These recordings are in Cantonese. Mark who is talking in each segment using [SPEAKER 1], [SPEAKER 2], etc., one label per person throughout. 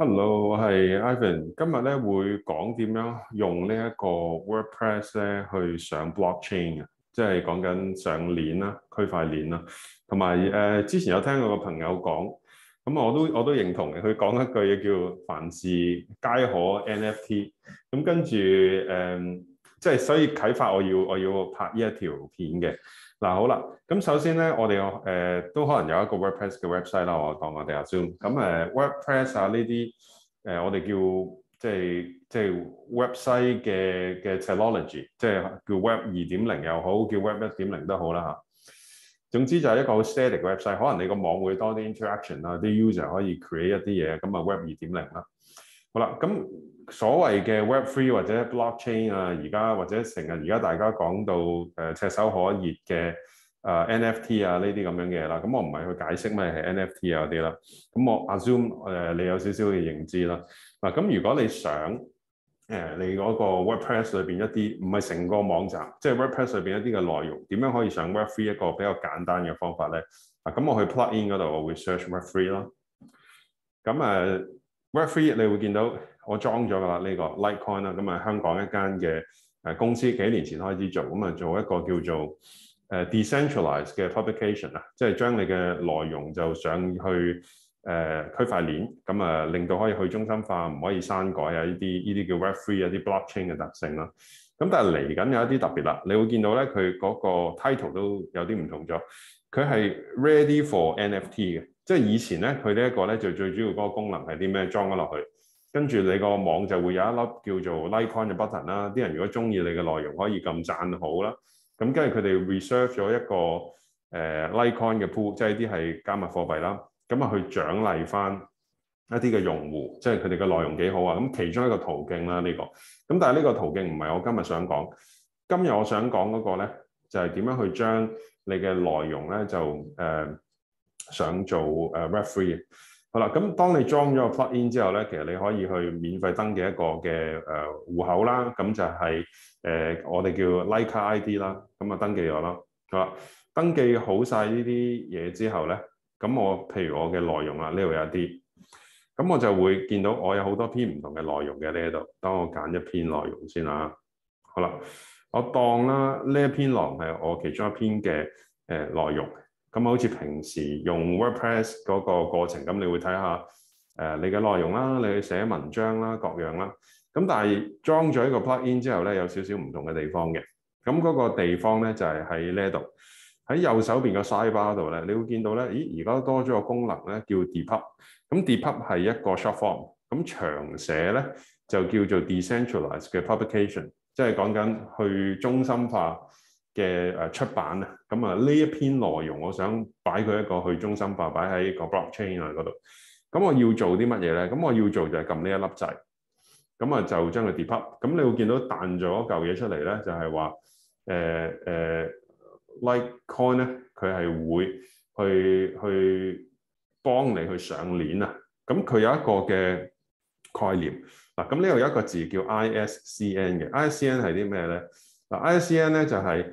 [SPEAKER 1] Hello，我係 Ivan，今日咧會講點樣用這呢一個 WordPress 咧去上 blockchain，即係講緊上鏈啦、區塊鏈啦，同埋誒之前有聽過個朋友講，咁啊我都我都認同嘅，佢講一句嘢叫做凡事皆可 NFT，咁跟住誒。呃即係所以啟發我要我要拍呢一條片嘅嗱、啊、好啦咁首先咧我哋誒、呃、都可能有一個 WordPress 嘅 website 啦，我當我哋阿 Zoom 咁誒 WordPress 啊呢啲誒我哋叫即係即係 website 嘅嘅 technology，即係叫 Web 二點零又好，叫 Web 一點零都好啦嚇。總之就係一個好 static 嘅 website，可能你個網會多啲 interaction 啦，啲 user 可以 create 一啲嘢咁，啊 Web 二點零啦。好啦咁。那所謂嘅 Web3 或者 blockchain 啊，而家或者成日而家大家講到誒、呃、赤手可熱嘅啊 NFT 啊呢啲咁樣嘅啦，咁我唔係去解釋咩係 NFT 啊嗰啲啦，咁我 assume、呃、你有少少嘅認知啦。嗱，咁如果你想誒、呃、你嗰個 WordPress 裏邊一啲唔係成個網站，即、就、係、是、WordPress 裏邊一啲嘅內容，點樣可以上 Web3 一個比較簡單嘅方法咧？嗱，咁我去 Plugin 嗰度我會 search Web3 咯。咁誒 Web3 你會見到。我裝咗㗎啦，呢個 LikeCoin 啦，咁啊香港一間嘅誒公司幾年前開始做，咁啊做一個叫做誒 decentralized 嘅 publication 啦，即係將你嘅內容就上去誒區塊鏈，咁啊令到可以去中心化，唔可以刪改啊，呢啲依啲叫 web three 啊啲 blockchain 嘅特性咯。咁但係嚟緊有一啲特別啦，你會見到咧，佢嗰個 title 都有啲唔同咗，佢係 ready for NFT 嘅，即係以前咧佢呢一個咧就最主要嗰個功能係啲咩裝咗落去。跟住你個網就會有一粒叫做 Litecoin 嘅 button 啦，啲人如果中意你嘅內容可以咁贊好啦。咁跟住佢哋 reserve 咗一個誒 Litecoin 嘅 pool，即係一啲係加密貨幣啦。咁啊去獎勵翻一啲嘅用戶，即係佢哋嘅內容幾好啊。咁其中一個途徑啦，呢個。咁但係呢個途徑唔係我今日想講。今日我想講嗰個咧，就係點樣去將你嘅內容咧就誒想做誒 referee。好啦，咁當你裝咗個 plug-in 之後咧，其實你可以去免費登記一個嘅誒戶口啦，咁就係、是、誒、呃、我哋叫 Like ID 啦，咁啊登記咗啦。好啦，登記好晒呢啲嘢之後咧，咁我譬如我嘅內容啊，呢度有一啲，咁我就會見到我有好多篇唔同嘅內容嘅呢度。當我揀一篇內容先啦，好啦，我當啦呢一篇文係我其中一篇嘅誒內容。咁好似平時用 WordPress 嗰個過程，咁你會睇下、呃、你嘅內容啦，你去寫文章啦，各樣啦。咁但係裝咗一個 plug-in 之後咧，有少少唔同嘅地方嘅。咁嗰個地方咧就係、是、喺呢度，喺右手邊個 Sidebar 度咧，你會見到咧，咦，而家多咗個功能咧叫 Depub。咁 Depub 係一個 short form，咁長寫咧就叫做 decentralized 嘅 publication，即係講緊去中心化嘅誒出版啊，咁啊呢一篇內容，我想擺佢一個去中心化，擺喺個 blockchain 啊嗰度。咁我要做啲乜嘢咧？咁我要做就係撳呢一粒掣，咁啊就將佢 deposit。咁你會見到彈咗嚿嘢出嚟咧，就係話誒誒 LikeCoin 咧，佢係會去去幫你去上鏈啊。咁佢有一個嘅概念嗱，咁呢度有一個字叫 ISCN 嘅，ISCN 係啲咩咧？嗱，ISCN 咧就係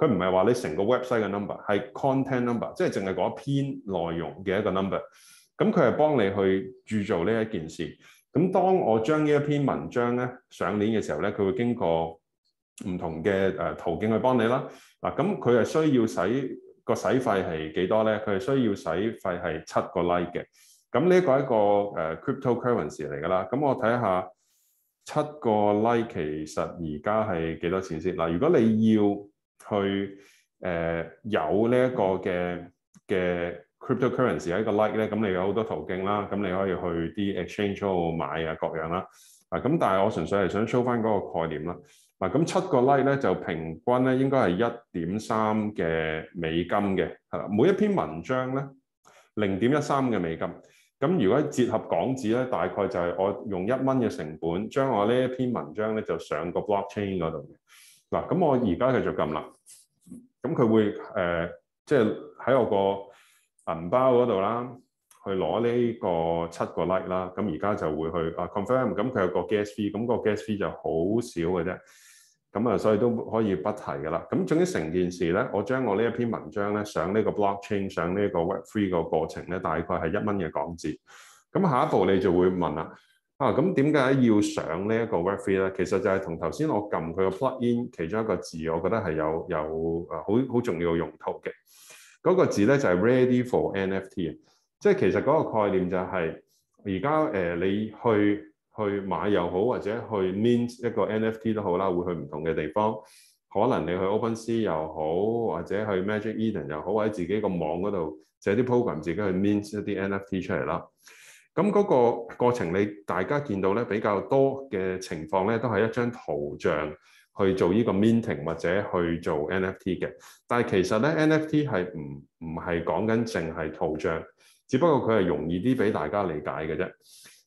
[SPEAKER 1] 佢唔係話你成個 website 嘅 number，係 content number，即係淨係一篇內容嘅一個 number。咁佢係幫你去鑄造呢一件事。咁當我將呢一篇文章咧上鏈嘅時候咧，佢會經過唔同嘅誒途徑去幫你啦。嗱，咁佢係需要使個使費係幾多咧？佢係需要使費係七個 like 嘅。咁呢個係一個誒 crypto currency 嚟㗎啦。咁我睇下七個 like 其實而家係幾多錢先嗱？如果你要去誒、呃、有呢一個嘅嘅 cryptocurrency 一個 like 咧，咁你有好多途徑啦，咁你可以去啲 exchange 度買啊各樣啦。嗱、啊、咁，但係我純粹係想 show 翻嗰個概念啦。嗱、啊、咁七個 like 咧就平均咧應該係一點三嘅美金嘅，係啦。每一篇文章咧零點一三嘅美金。咁如果折合港紙咧，大概就係我用一蚊嘅成本將我呢一篇文章咧就上個 blockchain 嗰度。嗱，咁我而家繼續撳啦，咁佢會誒，即係喺我個銀包嗰度啦，去攞呢個七個 like 啦，咁而家就會去啊 confirm，咁佢有個 gas fee，咁個 gas fee 就好少嘅啫，咁啊，那那所以都可以不提嘅啦。咁總之成件事咧，我將我呢一篇文章咧上呢個 blockchain 上呢個 web three 個過程咧，大概係一蚊嘅港紙。咁下一步你就會問啦。啊，咁點解要上呢一個 Web3 咧？其實就係同頭先我撳佢個 plug-in 其中一個字，我覺得係有有誒好好重要用途嘅。嗰、那個字咧就係、是、ready for NFT，即係、就是、其實嗰個概念就係而家誒你去去買又好，或者去 mint 一個 NFT 都好啦，會去唔同嘅地方，可能你去 OpenSea 又好，或者去 Magic Eden 又好，或者自己個網嗰度借啲 program 自己去 mint 一啲 NFT 出嚟啦。咁嗰個過程，你大家見到咧比較多嘅情況咧，都係一張圖像去做呢個 minting 或者去做 NFT 嘅。但係其實咧，NFT 係唔唔係講緊淨係圖像，只不過佢係容易啲俾大家理解嘅啫。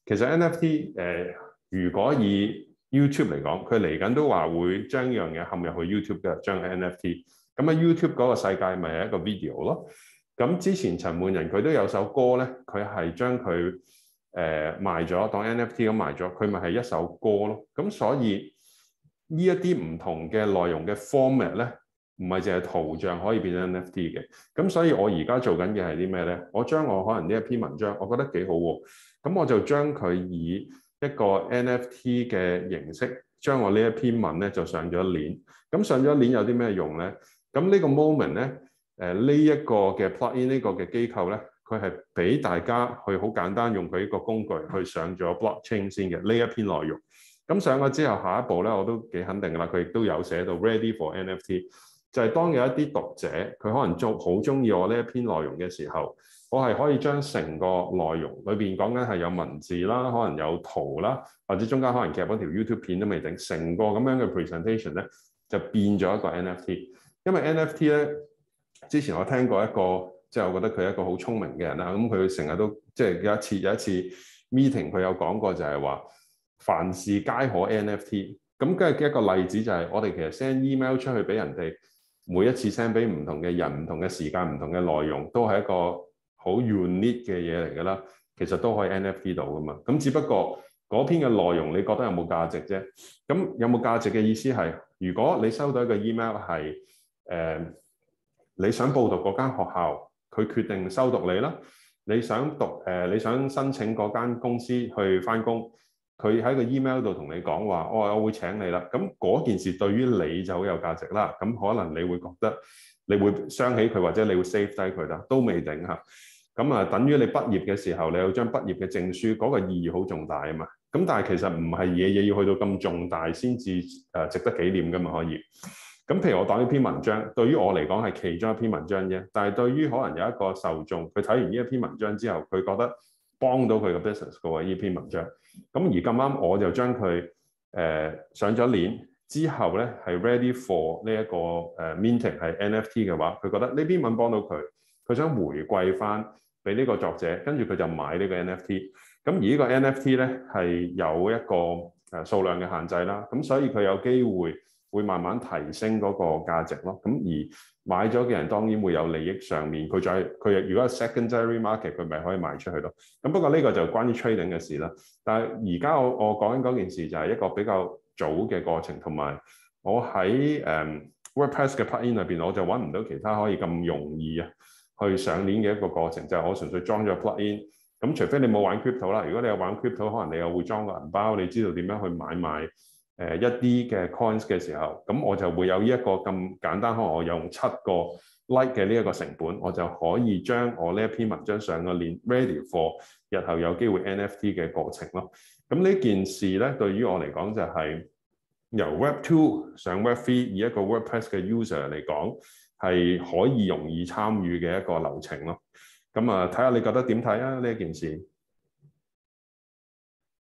[SPEAKER 1] 其實 NFT、呃、如果以 YouTube 嚟講，佢嚟緊都話會將呢樣嘢陷入去 YouTube 嘅，將 NFT。咁啊，YouTube 嗰個世界咪係一個 video 咯。咁之前陳奐仁佢都有首歌咧，佢係將佢賣咗當 NFT 咁賣咗，佢咪係一首歌咯。咁所以呢一啲唔同嘅內容嘅 format 咧，唔係淨係圖像可以變 NFT 嘅。咁所以我而家做緊嘅係啲咩咧？我將我可能呢一篇文章，我覺得幾好喎。咁我就將佢以一個 NFT 嘅形式，將我呢一篇文咧就上咗鏈。咁上咗鏈有啲咩用咧？咁呢個 moment 咧。誒呢一個嘅 plug in 呢個嘅機構咧，佢係俾大家去好簡單用佢呢個工具去上咗 blockchain 先嘅呢一篇內容。咁上咗之後，下一步咧我都幾肯定㗎喇，佢亦都有寫到 ready for NFT。就係當有一啲讀者佢可能中好中意我呢一篇內容嘅時候，我係可以將成個內容裏面講緊係有文字啦，可能有圖啦，或者中間可能夾緊條 YouTube 片都未定，成個咁樣嘅 presentation 咧，就變咗一個 NFT。因為 NFT 咧。之前我聽過一個，即係我覺得佢係一個好聰明嘅人啦。咁佢成日都即係有一次有一次 meeting，佢有講過就係話凡事皆可 NFT。咁跟住一個例子就係、是、我哋其實 send email 出去俾人哋，每一次 send 俾唔同嘅人、唔同嘅時間、唔同嘅內容，都係一個好 unique 嘅嘢嚟㗎啦。其實都可以 NFT 到㗎嘛。咁只不過嗰篇嘅內容，你覺得有冇價值啫？咁有冇價值嘅意思係，如果你收到一個 email 係誒。你想報讀嗰間學校，佢決定收讀你啦。你想讀誒、呃，你想申請嗰間公司去返工，佢喺個 email 度同你講話，我、哎、我會請你啦。咁嗰件事對於你就好有價值啦。咁可能你會覺得，你會傷起佢，或者你會 save 低佢啦，都未定嚇。咁啊，等於你畢業嘅時候，你有張畢業嘅證書，嗰、那個意義好重大啊嘛。咁但係其實唔係嘢嘢要去到咁重大先至誒值得紀念㗎嘛，可以。咁譬如我講呢篇文章，對於我嚟講係其中一篇文章啫。但係對於可能有一個受眾，佢睇完呢一篇文章之後，佢覺得幫到佢個 business 嘅話呢篇文章。咁而咁啱，我就將佢、呃、上咗鏈之後咧，係 ready for 呢一個誒 minting 係 NFT 嘅話，佢覺得呢篇文幫到佢，佢想回饋翻俾呢個作者，跟住佢就買呢個 NFT。咁而呢個 NFT 咧係有一個誒數量嘅限制啦，咁所以佢有機會。會慢慢提升嗰個價值咯，咁而買咗嘅人當然會有利益上面，佢就係。佢如果係 secondary market，佢咪可以賣出去咯。咁不過呢個就關於 trading 嘅事啦。但係而家我我講緊嗰件事就係一個比較早嘅過程，同埋我喺、um, WordPress 嘅 plugin 入面，我就揾唔到其他可以咁容易啊去上鏈嘅一個過程，就係、是、我純粹裝咗 plugin。咁除非你冇玩 crypto 啦，如果你有玩 crypto，可能你又會裝個銀包，你知道點樣去買賣。呃、一啲嘅 coins 嘅時候，咁我就會有一個咁簡單，可能我用七個 like 嘅呢一個成本，我就可以將我呢一篇文章上個鏈 ready for 日後有機會 NFT 嘅過程咯。咁呢件事咧，對於我嚟講就係、是、由 Web Two 上 Web Three，以一個 WordPress 嘅 user 嚟講，係可以容易參與嘅一個流程咯。咁啊，睇下你覺得點睇啊？呢一件事。